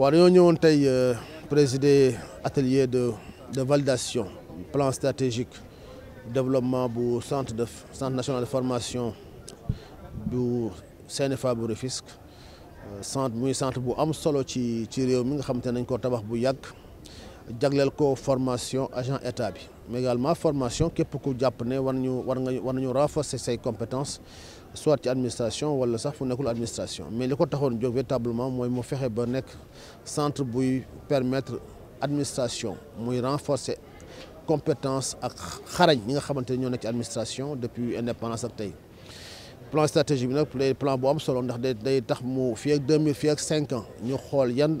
Nous avons présidé l'atelier présider atelier de de validation plan stratégique développement du centre de centre national de formation du CNFA bu Rufisque euh, centre muy centre bu am solo ci ci réew mi nga xam nañ ko tabax bu de ko formation agent état mais également formation qui beaucoup renforcer ses compétences soit administration wala mais li véritablement centre permettre administration renforcer compétences compétences xarañ ñi nga administration depuis indépendance ak plan stratégique pour plan bu am ndax day ans ñu xol yan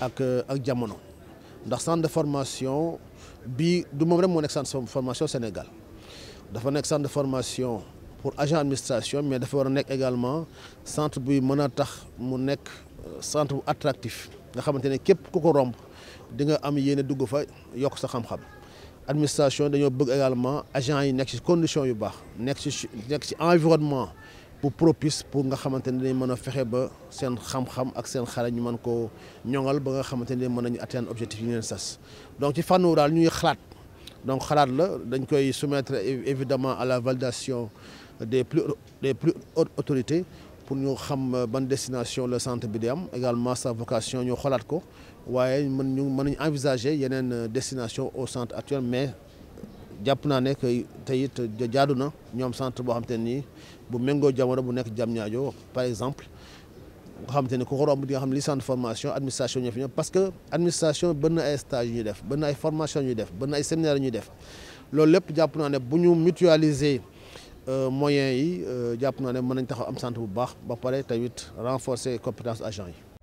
ak ak jamono ndax centre de formation bi du moom rek centre de formation Sénégal dafa un centre de formation pour agent administration mais dafa war a également centre bi mën tax mu euh, centre bu attractif nga xamante ne képp ku ko romb di am yéene dugg fa yokk sa xam-xam administration bëgg également agent yi qui ci condition yu baax nekk ci environnement pour propice pour nga xamantene ne dañ fexé ba sen xam-xam ak sen xale ñu mën ko ñongal ba nga xamantene ne ñu nañu atteindre objectif yi ñu sas donc ci fànn dal ñuy xalat donc xalat la dañ koy soumettre évidemment à la validation des plus des plus hautes autorités pour ñu xam euh, ban destination le centre bi di am également sa vocation ñu xalat ko waye mën ñu mën envisager yenen euh, destination au centre actuel mais jàpp naa ne que tey it jaadu centre bo xam te nii bu mengo jamoro bu nek jam ñaajo par exemple nga xam te ko romb di nga xam ne li centre formation administration ñu fi parce que administration bëri ay stage ñu def bëri ay formation ñu def bëri ay séminaire ñu def loolu lepp jàpp naa ne bu ñu mutualiser euh, moyens yi euh, jàpp naa ne mën nañ taxaw am centre bu baax ba pare tayit renforcer compétence agent yi